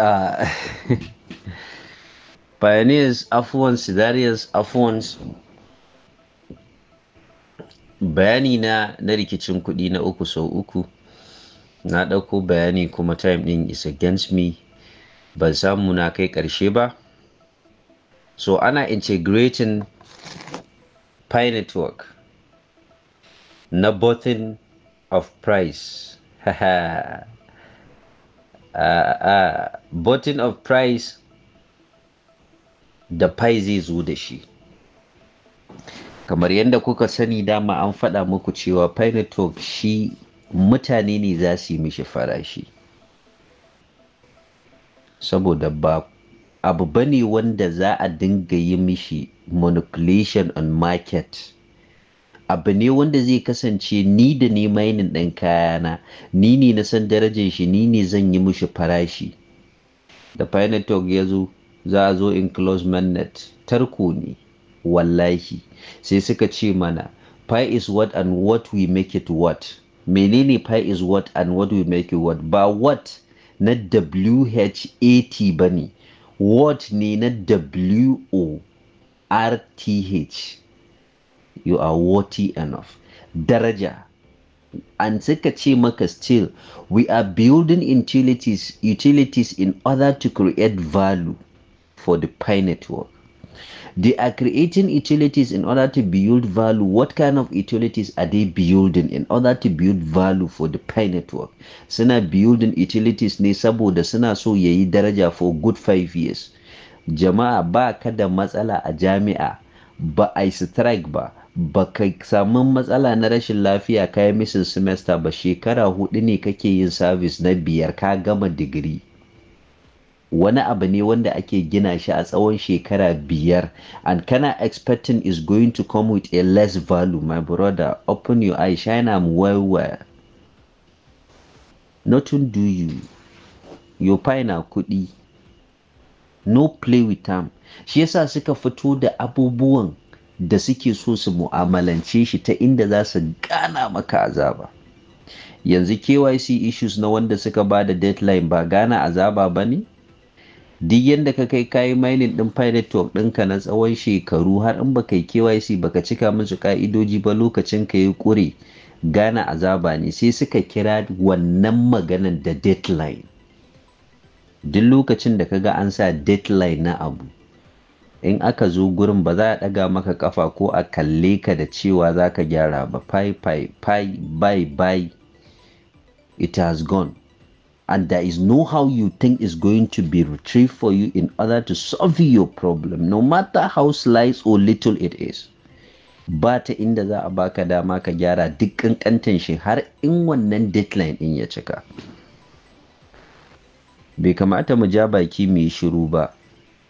uh, pioneers afuwan sidarius bayani na na rikicin kuɗi na uku sau uku na ɗauko bayani kuma time ɗin is against me ban samu na kai ƙarshe ba so ana integrating pi network na botting of price Uh, uh, button of price da pai zai zo da shi kamar yadda kuka sani dama an faɗa muku cewa pi shi mutane ne za su yi mishi farashi saboda ba abu bane wanda za a dinga yi mishi manipulation on market abu ne wanda zai kasance ni da ne mainin ɗin kayana ni ne na san darajar shi ni ne zan yi mushi farashi da talk ya zo za a zo in close mannet tarko ne wallahi sai suka ce mana pi is what and what we make it what menene pi is what and what we make it what ba what na what ba ne what ne na w o r t h you are worthy enough daraja and suka ce maka still we are building utilities utilities in order to create value for the pi network they are creating utilities in order to build value what kind of utilities are they building in order to build value for the pi network suna building utilities ne saboda suna so yayi daraja for good five years jama'a ba ka da matsala a jami'a ba a strike ba ba ka samu matsala na rashin lafiya ka yi misin semester ba shekara hudu ne kake yin service na biyar ka gama digiri wani abu ne wanda ake gina shi a tsawon shekara biyar and kana expecting is going to come with a less value my brother open your eyes shine am well well nothing do you your fine kudi no play with them shi yasa suka fito da abubuwan da suke so su mu'amalance shi ta inda za su gana maka azaba yanzu KYC issues na wanda suka ba da deadline ba gana azaba ba ne duk yadda ka kai kayi mining din pirate ɗinka na tsawon shekaru har in baka yi KYC baka cika musu ka'idoji ba lokacin ka yi kure, gana azaba ne sai suka kira wannan maganan da deadline duk lokacin da ka ga an sa deadline na abu in aka zo gurin ba za a ɗaga maka ƙafa ko a kalle ka da cewa za ka gyara ba fai fai fai bye bye it has gone and there is no how you think is going to be retrieved for you in order to solve your problem no matter how slight or little it is ba ta inda za a baka dama ka gyara duk kankantan shi har in wannan deadline din ya cika bai kamata mu ja baki mu yi shiru ba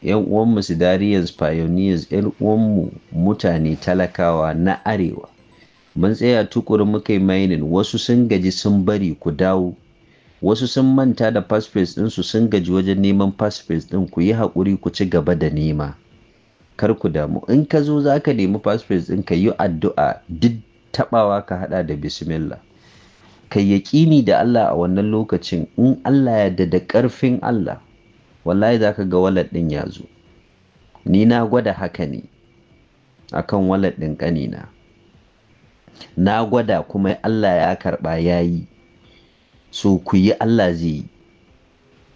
'yan uwanmu Sidariya's pioneers 'yan uwanmu mutane talakawa na arewa mun tsaya tukuru muka yi mining wasu sun gaji sun bari ku dawo wasu sun manta da passphrase ɗinsu sun gaji wajen neman passports ɗin ku yi haƙuri ku ci gaba da nema kar ku damu in ka zo za ka nemi passports ɗin ka yi addu'a duk taɓawa ka haɗa da bismillah ka yaƙini da Allah a wannan lokacin in Allah ya da ƙarfin Allah wallahi za ka ga walad ɗin ya zo ni na gwada haka ne a kan walat ɗin ƙanina na gwada kuma allah ya karɓa ya yi so ku yi allah zai yi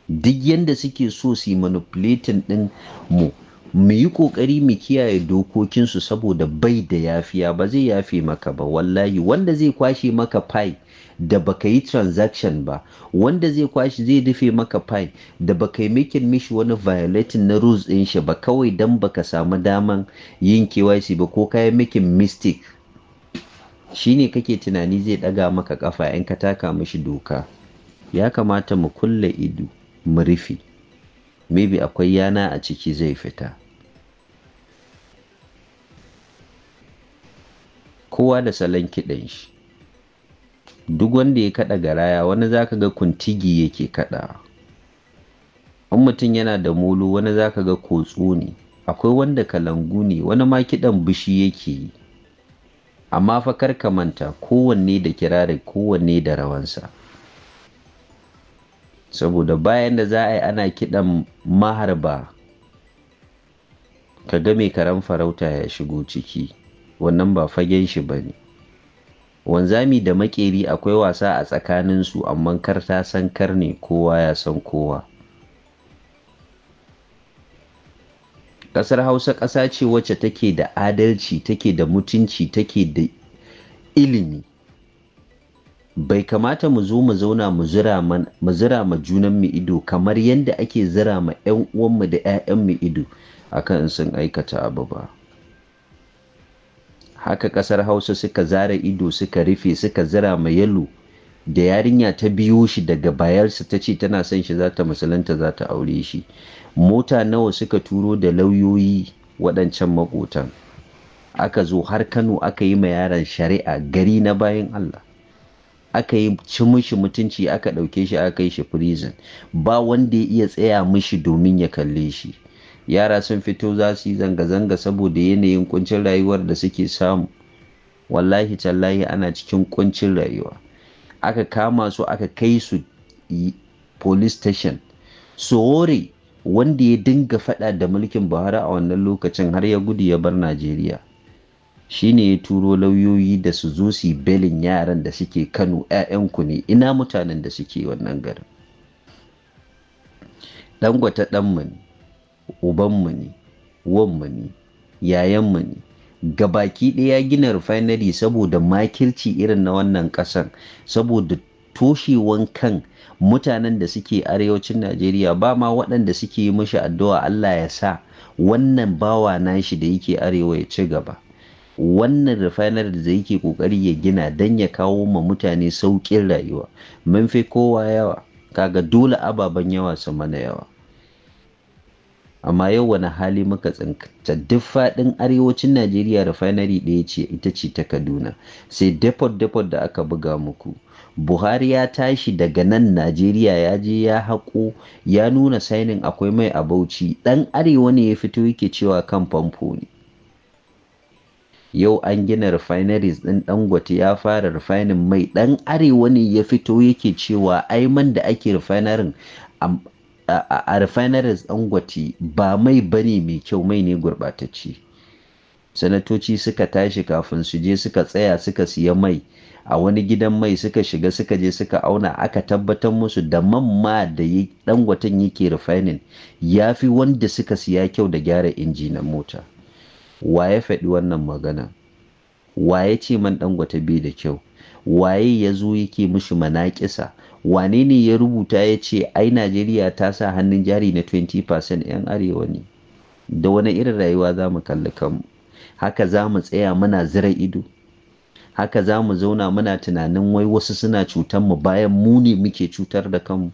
duk yadda suke so su yi manipulating ɗin mu mu yi ƙoƙari mu kiyaye dokokinsu saboda bai da yafiya ba zai yafe maka ba wallahi wanda zai kwashe maka fai da baka yi transaction ba wanda zai kwashi zai rufe maka fine da baka yi making mishi wani violating na rules ɗin shi ba kawai dan baka samu daman yin KYC ba ko kayan making mistake shine kake tunani zai ɗaga maka kafa in ka taka mishi doka ya kamata mu kulle ido mu rufe maybe akwai yana a ciki zai fita kowa da salon kiɗan shi duk wanda ya kaɗa garaya wani za ka ga kuntigi yake kaɗa in mutum yana da molo wani zaka ga kotso ne akwai wanda kalangu ne wani ma kiɗan bishi yake yi amma fakar kar ka manta kowanne da kirari kowanne da rawansa saboda bayan da za a yi ana kiɗan maharba ka ga mai karan farauta ya shigo ciki wannan ba fagen shi ba ne wanzami da makeri akwai wasa a tsakaninsu amma kar ta san kar ne kowa ya san kowa ƙasar hausa ƙasa ce wacce take da adalci take da mutunci take da ilimi bai kamata mu zo mu zauna mu zira ma mu ido kamar yadda ake zira ma 'yan uwanmu da mu ido akan sun aikata abu ba. haka ƙasar hausa suka zara ido suka rufe suka zira mai yalo da yarinya ta biyo shi daga bayarsa ta ce tana son shi za ta musulunta za ta aure shi mota nawa suka turo da lauyoyi waɗancan maƙotan? aka zo har kano aka yi ma yaron shari'a gari na bayan allah aka yi ci mishi mutunci aka ɗauke shi aka kai shi prison ba wanda ya iya tsaya mishi domin ya kalle shi yara sun fito za su yi zanga-zanga saboda yanayin kuncin rayuwar da suke samu wallahi tallahi ana cikin kuncin rayuwa aka kama su aka kai su police station sohore wanda ya dinga faɗa da mulkin buhari a wannan lokacin har ya gudu ya bar najeriya shine ya turo lauyoyi da su zo su belin yaran da suke kano 'ya'yanku ne ina mutanen da suke wannan garin dangwata dan ne ubanmu ne wanmu ne yayanmu ne gabaki ɗaya gina refinery saboda makirci irin na wannan ƙasan saboda toshewan kan mutanen da suke arewacin najeriya ba ma waɗanda suke yi mashi addu'a allah ya sa wannan bawa nashi da yake arewa ya ci gaba wannan refinery da yake ƙoƙari ya gina don ya kawo ma mutane sauƙin rayuwa mun fi kowa yawa kaga dole ababen yawa su mana yawa amma yau wani hali muka tsinkace duk faɗin arewacin najeriya refinery ɗaya ce ita ce ta kaduna sai depot depot da aka buga muku buhari ya tashi daga nan najeriya ya je ya haƙo ya nuna sainin akwai mai a bauchi ɗan arewa ne ya fito yake cewa kan famfo ne yau an gina refineries ɗin dangote ya fara refining mai ɗan arewa ne ya fito yake cewa ai da ake refinerin a refineries gwati ba mai bane mai kyau mai ne gurɓatacce sanatoci suka tashi kafin su je suka tsaya suka siya mai a wani gidan mai suka shiga suka je suka auna aka tabbatar musu da man ma da dangwatan yake refining ya fi wanda suka siya kyau da gyara injinan mota Wa ya faɗi wannan magana waye ce man dangwata bai da kyau waye ya zo yake mushi manaƙisa wane ne ya rubuta ya ce ai najeriya ta sa hannun jari na 20% 'yan arewa ne da wani irin rayuwa za mu kalli kanmu haka za mu tsaya muna zira ido haka za mu zauna muna tunanin wai wasu suna cutar mu bayan mu ne muke cutar da kanmu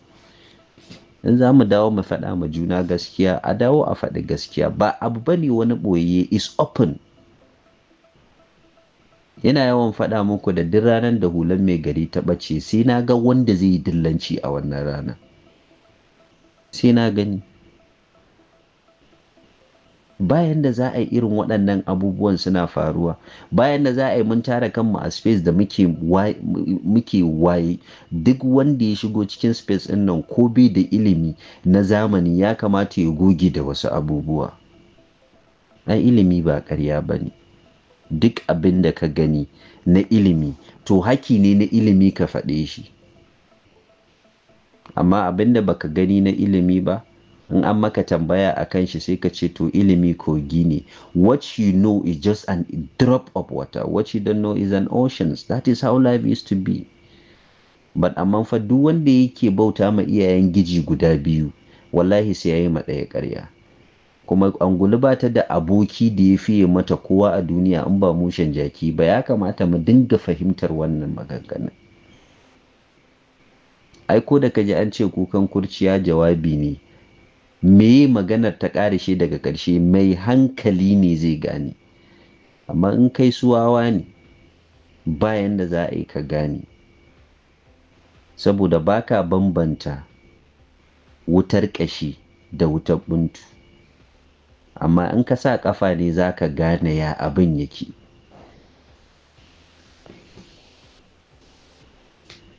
in za mu dawo mu faɗa ma juna gaskiya a dawo a faɗi gaskiya ba abu bane wani ɓoye is open Yana yawan faɗa muku da duk ranar da hulan mai gari ta ɓace sai na ga wanda zai yi dillanci a wannan rana sai na gani bayan da za a yi irin waɗannan abubuwan suna faruwa bayan da za a yi mun tara kanmu a space da muke waye duk wanda ya shigo cikin space ɗin nan ko bai da ilimi na zamani ya kamata ya goge da wasu abubuwa ɗan ilimi ba ƙarya ba ne duk abin da ka gani na ilimi to haki ne na ilimi ka faɗe shi amma abin da baka gani na ilimi ba in an maka tambaya a kan shi sai ka ce to ilimi kogi ne what you know is just a drop of water what you don't know is an ocean that is how life is to be but amma fa duk wanda yake bauta ma iyayen giji guda biyu wallahi sai ya yi ɗaya ƙarya kuma angulu ba ta da aboki da ya fiye mata kowa a duniya in ba mushen jaki ba ya kamata mu dinga fahimtar wannan maganganun ai da kaji ji an ce kukan kurciya jawabi ne me maganar ta ƙarashe daga ƙarshe mai hankali ne zai gane amma in kai suwawa ne bayan da za a yi ka gane saboda baka bambanta wutar ƙashi da wutar buntu amma in ka sa ƙafa ne za ka gane ya abin yake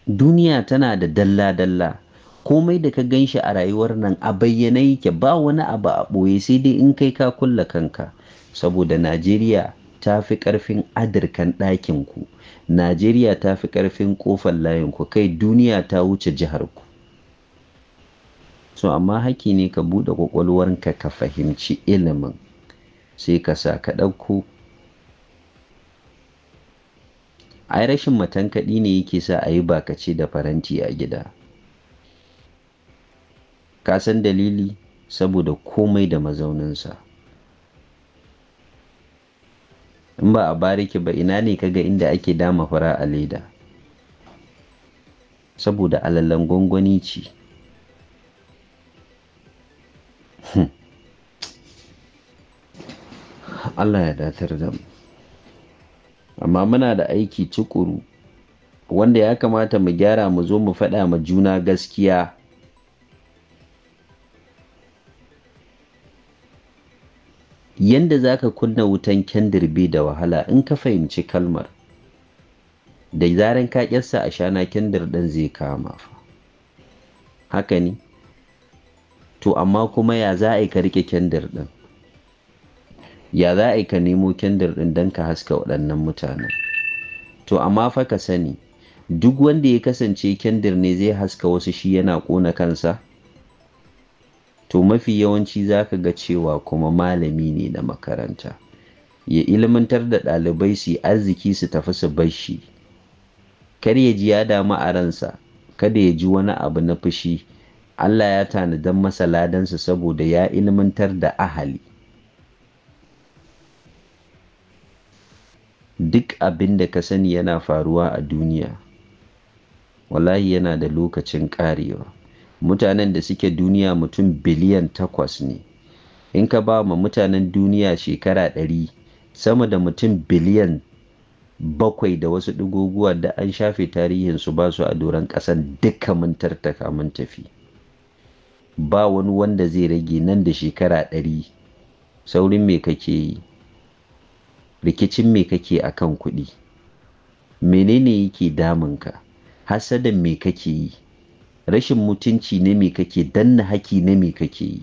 duniya tana da dalla-dalla komai da ka ganshi a rayuwar nan a bayyana yake ba wani abu a ɓoye sai dai in kai ka kulla kanka saboda najeriya ta fi ƙarfin adirkan ɗakinku najeriya ta fi ƙarfin ƙofar layinku kai duniya ta wuce jiharku so amma haƙƙi ne ka buɗe ƙwaƙwalwarka ka fahimci ilimin sai ka sa ka ɗauko ai rashin matankaɗi ne yake sa a yi bakace da faranti a gida ka san dalili saboda komai da mazauninsa in ba a bariki ba ina ne kaga inda ake dama fara a leda saboda alalen gwangwani ce Allah ya datar da mu amma muna da aiki cikuru wanda ya kamata mu gyara mu zo mu faɗa ma juna gaskiya yanda za ka kunna wutan kendir bai da wahala in ka fahimci kalmar da zaran ka kyassa a shana kyandir ɗin zai kama fa haka ne to amma kuma ya za a ka riƙe kendir ɗin ya za a ka nemo kendir ɗin don ka haska waɗannan mutanen to amma fa ka sani duk wanda ya kasance kendir ne zai haska wasu shi yana ƙona kansa to mafi yawanci za ka ga cewa kuma malami ne na makaranta ya ilimantar da ɗalibai su arziki su tafi su bar shi kar ya ji ya damu a ransa kada ya ji wani abu na fushi Allah ya tanadan masa ladansa saboda ya ilmantar da ahali duk abin da ka sani yana faruwa a duniya wallahi yana da lokacin karewa mutanen da suke duniya mutum biliyan takwas ne in ka ba ma mutanen duniya shekara ɗari sama da mutum biliyan bakwai da wasu ɗigoguwa da an shafe tarihinsu ba su a doron ƙasan duka mun tartaka mun tafi ba wani wanda zai rage nan da shekara ɗari saurin me kake yi rikicin me kake a kan kuɗi menene yake damunka hasadan me kake yi rashin mutunci ne me kake danna haki ne me kake yi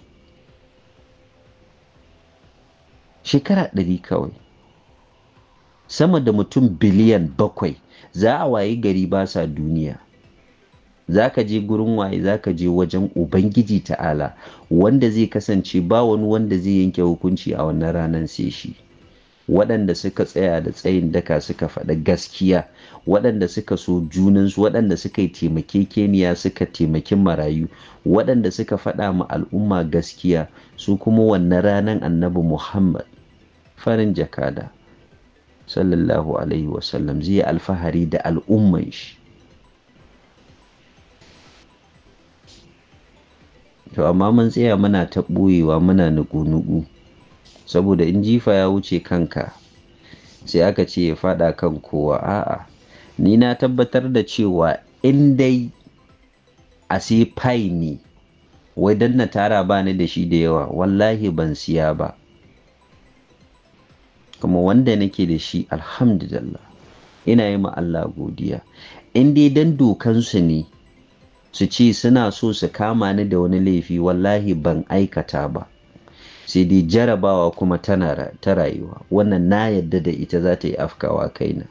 shekara ɗari kawai sama da mutum biliyan bakwai za a wayi gari ba sa duniya Za ka je gurin waye za ka je wajen ubangiji ta'ala wanda zai kasance ba wani wanda zai yanke hukunci a wannan ranar sai shi waɗanda suka tsaya da tsayin daka suka faɗa gaskiya waɗanda suka so junansu waɗanda suka yi taimakekeniya suka taimaki marayu waɗanda suka faɗa ma al'umma gaskiya su kuma wannan ranar annabi muhammad farin jakada sallallahu alaihi wasallam zai alfahari da al'umman shi to amma mun tsaya muna ta ɓoyewa muna nugu-nugu saboda in jifa ya wuce kanka sai aka ce ya faɗa kan kowa a'a ni na tabbatar da cewa in dai a sai fai ne wai don na tara ba ni da shi da yawa wallahi ban siya ba kuma wanda nake da shi alhamdulillah ina yi ma Allah godiya in dai dan dokansu ne su ce suna so su kama ni da wani laifi wallahi ban aikata ba sai dai jarabawa kuma ta rayuwa wannan na yadda da ita za ta yi afkawa kaina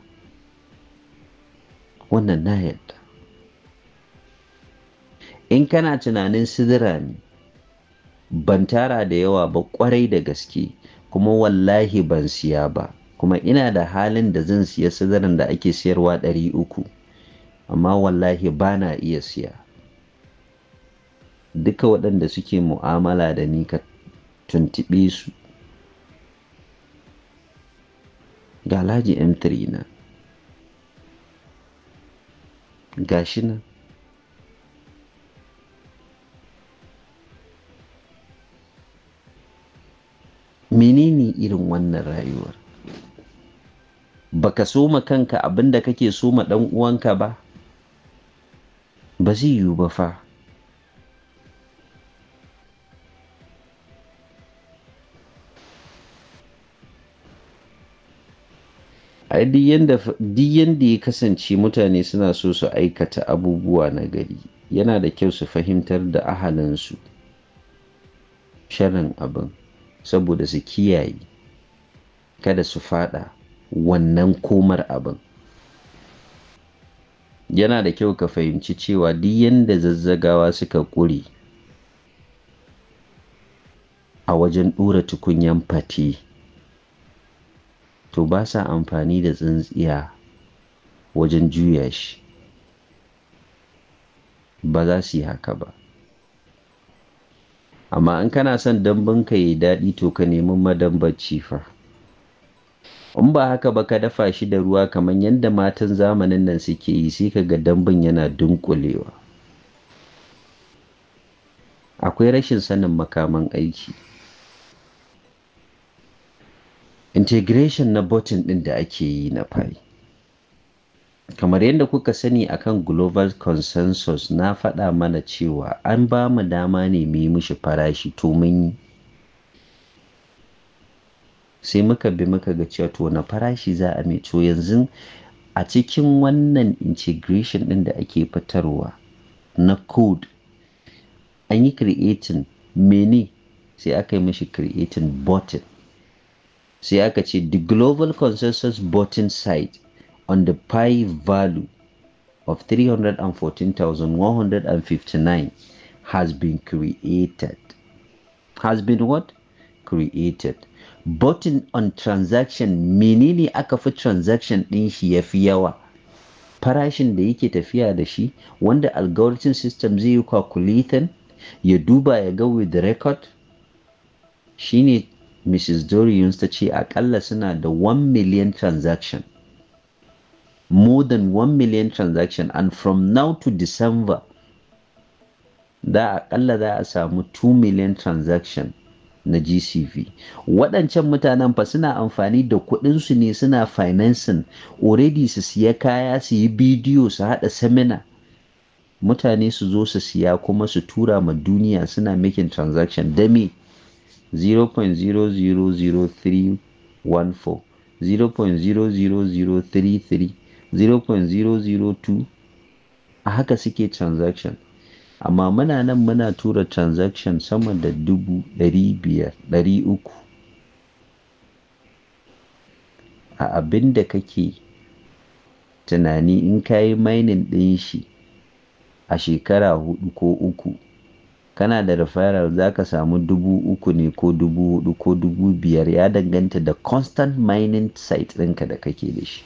wannan na yadda in kana tunanin sidira ne ban tara da yawa ba kwarai da gaske kuma wallahi ban siya ba kuma ina da halin da zan siya sidiran da ake siyarwa ɗari amma wallahi ba na iya siya duka waɗanda suke mu'amala da ni ka tuntuɓe su ga laji m3 na ga shi nan menene irin wannan rayuwar baka soma kanka abinda kake soma ɗan uwanka ba ba zai yiwu ba fa ai duk yadda ya kasance mutane suna so su aikata abubuwa na gari yana da kyau su fahimtar da ahalinsu shirin abin saboda su kiyaye kada su fada wannan komar abin yana da kyau ka fahimci cewa duk yadda zazzagawa suka ƙure a wajen ɗora tukunyan fati to ba sa amfani da tsintsiya wajen juya shi ba za su yi haka ba amma in kana son dambanka ya yi daɗi to ka nemi madambaci fa in ba haka ba ka dafa shi da ruwa kamar yadda matan zamanin nan suke yi sai ka ga dambun yana dunkulewa akwai rashin sanin makaman aiki integration na button ɗin da ake yi na pi kamar yadda kuka sani akan global consensus na faɗa mana cewa an ba mu dama ne mu yi mishi farashi to mun yi sai muka bi muka ga cewa to na farashi za a mai to yanzu a cikin wannan integration ɗin da ake fitarwa na code an yi creating mene sai aka yi mashi creating button sai aka ce the global consensus voting site on the pi value of 314,159 has been created has been what created voting on transaction menene aka fi transaction din shi ya fi yawa farashin da yake tafiya da shi wanda algorithm system zai yi calculating ya duba ya ga with the record shine Mrs. Dorius ta ce akalla suna da 1 million transaction. More than 1 million transaction and from now to December da akalla za a samu 2 million transaction na GCV. Waɗancan mutanen fa suna amfani da kuɗinsu ne suna financing already su siya kaya su yi bidiyo su haɗa seminar. Mutane su zo su siya kuma su tura ma duniya suna making transaction da 0.000314 0.00033 a haka suke transaction amma muna nan muna tura transaction sama da dubu ɗari biyar ɗari uku a abin da kake tunani in kayi yi mining ɗin shi a shekara hudu ko uku kana da referral za ka samu dubu uku ne ko dubu hudu ko dubu biyar ya danganta da constant mining site ɗinka da kake da shi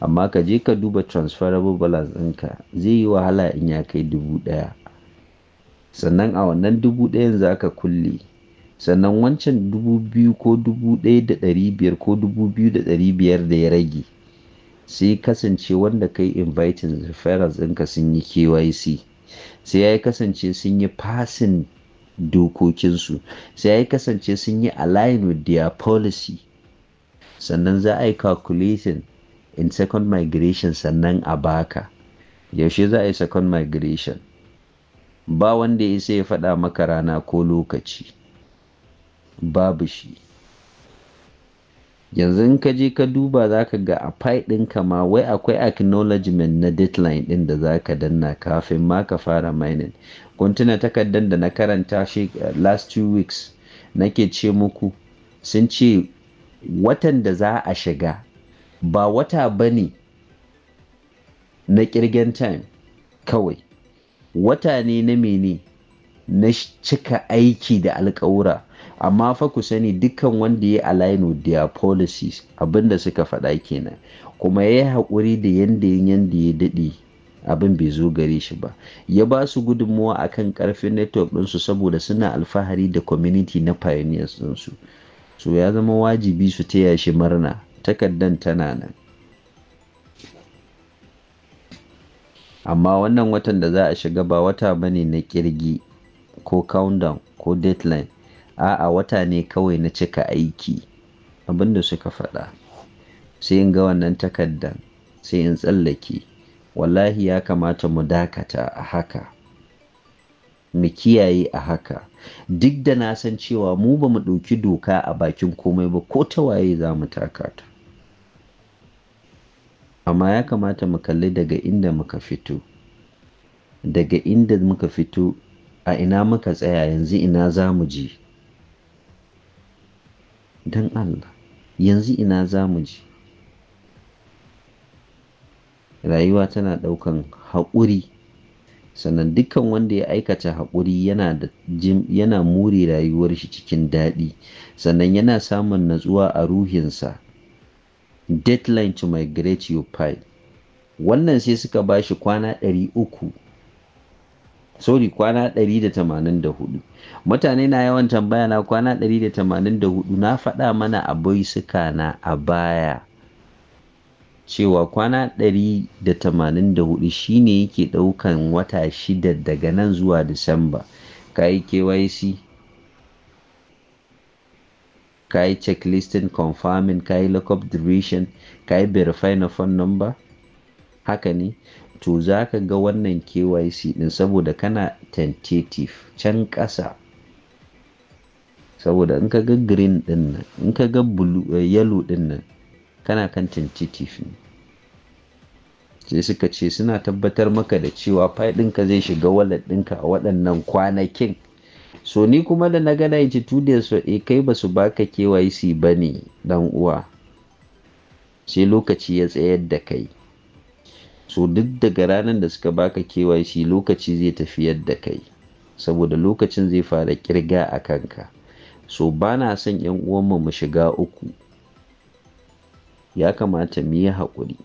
amma ka je ka duba transferable balance ɗinka zai yi wahala in ya kai dubu ɗaya sannan a wannan dubu ɗayan za ka kulle sannan wancan dubu biyu ko dubu ɗaya da ɗari biyar ko dubu biyu da ɗari biyar da ya rage sai kasance wanda kai inviting referrals ɗinka sun yi KYC sai ya kasance sun yi fasin dokokinsu sai ya kasance sun yi align with their policy sannan za a yi calculation in second migration sannan a baka yaushe za a yi second migration ba wanda ya sai ya faɗa maka rana ko lokaci babu shi yanzu in ka je ka duba za ka ga a fai kama ma wai akwai acknowledgement na deadline ɗin da za ka danna kafin ma ka fara mining kuntuna takardar da na karanta shi eh, last two weeks nake ce muku sun ce watan da za a shiga ba wata ba ne na kirgen time kawai wata ne na mene na cika aiki da alkawura amma fa ku sani dukkan wanda ya align with their policies abinda suka faɗa kenan kuma ya yi haƙuri da yanda yanda ya daɗe abin bai zo gare shi ba ya ba su a kan ƙarfin network ɗinsu saboda suna alfahari da community na pioneers ɗinsu so ya zama wajibi su taya shi murna takaddan tana nan amma wannan watan da za a shiga ba wata bane na kirgi ko countdown ko deadline a'a wata ne kawai na cika aiki abinda suka faɗa sai in ga wannan takardan sai in tsallake wallahi ya kamata mu dakata a haka mu kiyaye a haka duk da na san cewa mu ba mu ɗauki doka a bakin komai ba ko ta waye za mu taka ta amma ya kamata mu kalli daga inda muka fito daga inda muka fito a ina muka tsaya yanzu ina za mu je don Allah yanzu ina za mu je rayuwa tana ɗaukan haƙuri sannan dukkan wanda ya aikata haƙuri yana muri rayuwar shi cikin daɗi sannan yana samun natsuwa a ruhinsa deadline to migrate your pile wannan sai suka ba shi kwana 300 sorry kwana 184 mutane na yawan tambaya na kwana 184 na faɗa mana a suka na a baya cewa kwana 184 shine yake ɗaukan wata shida daga nan zuwa disamba ka yi kyc ka yi checklisting confirming ka yi lookup duration ka yi verify na phone number haka ne to za ka ga wannan KYC din saboda kana tentative can ƙasa saboda in ka ga green din nan in ka ga eh, yellow din nan kana kan tentative ne sai suka ce suna tabbatar maka da cewa ɗinka zai shiga wallet ɗinka a waɗannan kwanakin so ni kuma da na gana 92 days so e eh, kai ba su baka KYC ba ne dan uwa sai lokaci ya tsayar da kai so duk daga ranar da suka baka shi lokaci zai tafi yadda kai saboda lokacin zai fara kirga a kanka so ba na son yan uwanmu mu shiga uku ya kamata mu yi haƙuri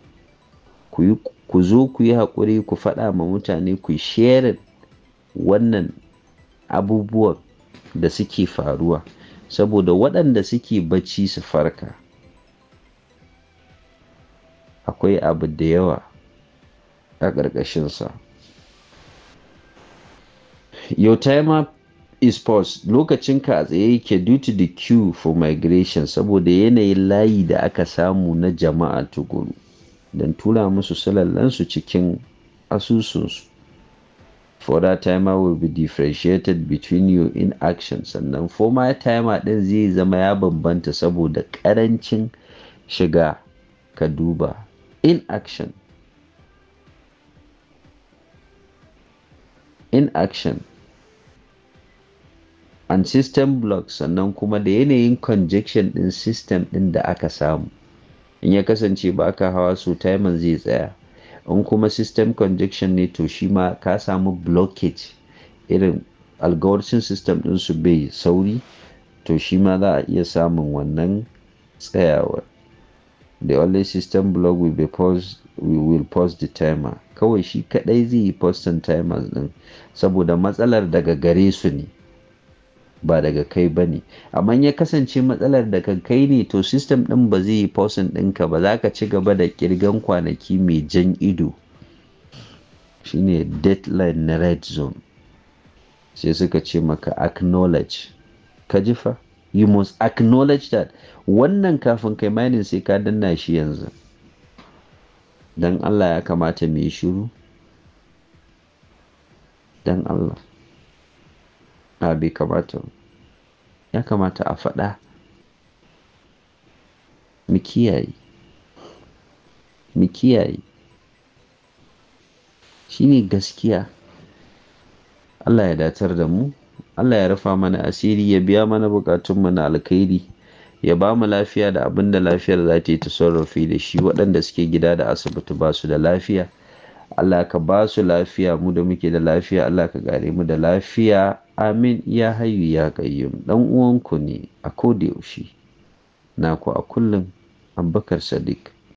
ku zo ku yi haƙuri ku faɗa ma mutane ku share wannan abubuwan da suke faruwa saboda waɗanda suke bacci su farka akwai abu da yawa a ƙarƙashinsa your timer is lokacin ka a tsaye yake due to the queue for migration saboda yanayin layi da aka samu na jama'a tukuru don tura musu salallansu cikin asusunsu for that timer will be differentiated between you in action sannan former timer ɗin zai zama ya bambanta saboda ƙarancin shiga ka duba in action in action and system block sannan kuma da yanayin conjection ɗin system ɗin da aka samu in ya kasance ba ka hawa su timer zai tsaya in kuma system conjection ne to shi ma ka samu blockage irin algorithm system ɗin su bai sauri to shi ma za a iya samun wannan tsayawar the only system block will be we will pause the timer kawai shi kadai zai yi postin timers din saboda matsalar daga gare su ne ba daga kai ba ne amma ya kasance matsalar daga kai ne to system din ba zai yi postin ɗinka ba za ka ci gaba da kirgan kwanaki mai jan ido shine deadline na red zone sai suka ce maka acknowledge ka jifa you must acknowledge that wannan kafin kai mining sai ka danna shi yanzu don allah ya kamata mu yi shiru don allah a bai kamata ya kamata a faɗa mu kiyaye mu kiyaye shine gaskiya allah ya datar da mu Allah ya rufa mana asiri ya biya mana bukatunmu na alkhairi ya ba mu lafiya da abin da lafiyar za ta yi ta tasarrufi da shi waɗanda suke gida da asibiti ba su da lafiya Allah ka ba su lafiya mu da muke da lafiya Allah ka gare mu da lafiya amin ya hayu ya kayyum dan uwanku ne a da yaushe ku a kullum abubakar sadiq